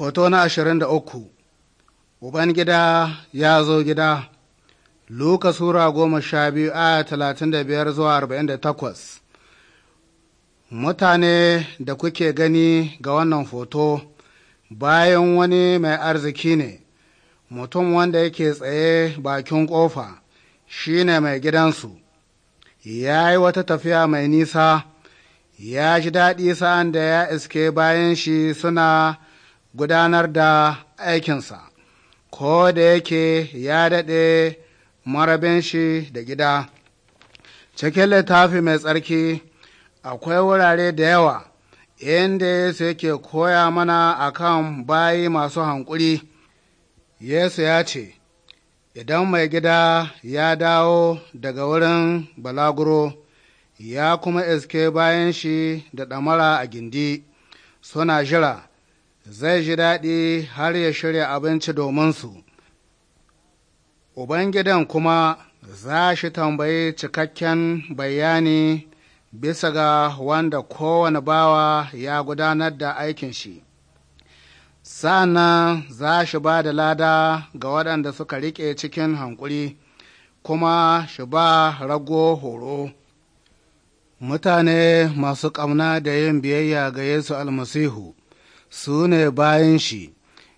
Foto na ashirin da uku Ubangida ya zo gida Luka Sura goma sha biyu aya talatin da biyar zuwa arba'in da takwas Mutane da kuke gani ga wannan foto bayan wani mai arziki ne, mutum wanda yake tsaye bakin ƙofa shi ne mai gidansu, ya yi wata tafiya mai nisa, ya ji daɗi sa'an da ya iske bayan shi suna gudanar da aikinsa, ko da yake ya daɗe marabin shi da gida. Cikin littafi mai tsarki akwai wurare da yawa inda Yesu yake koya mana akan bayi masu hankuri. Yesu ya ce, Idan mai gida ya dawo daga wurin balaguro, ya kuma iske bayan shi da ɗamara a gindi, suna jira. zai ji daɗi har ya shirya abinci su. Ubangidan kuma za shi tambayi cikakken bayani bisa ga wanda kowane bawa ya gudanar da aikin shi. Sa'an za shi ba da lada ga waɗanda suka riƙe cikin hankuri, kuma shi ba rago horo. Mutane masu ƙauna da yin biyayya ga Yesu almasihu. su ne bayan shi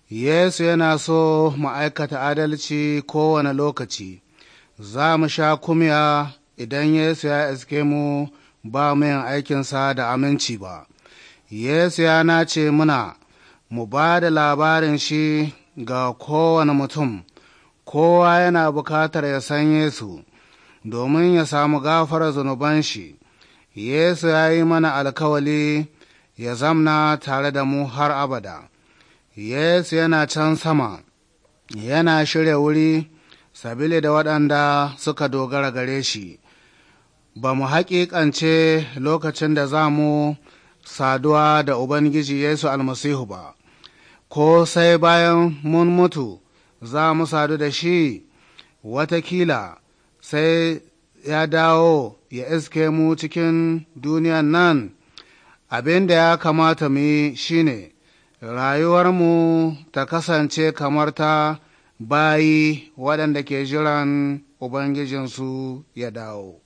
yesu yana so mu aikata adalci kowane lokaci za mu sha kumya idan yesu ya iske mu ba mu yin aikinsa da aminci ba yesu ya nace muna mu ba da labarin shi ga kowane mutum kowa yana bukatar ya san yesu domin ya samu gafara zunuban shi yesu ya yi mana alkawali ya zamna tare da mu har abada. Yesu yana can sama, yana shirya wuri sabili da waɗanda suka dogara gare shi, ba mu haƙiƙance lokacin da za mu saduwa da Ubangiji Yesu almasihu ba, ko sai bayan mun mutu za mu sadu da shi watakila sai ya dawo ya iske mu cikin duniyan nan. abin da ya kamata mu yi shi ne rayuwarmu ta kasance kamar ta bayi waɗanda ke jiran Ubangijinsu ya dawo.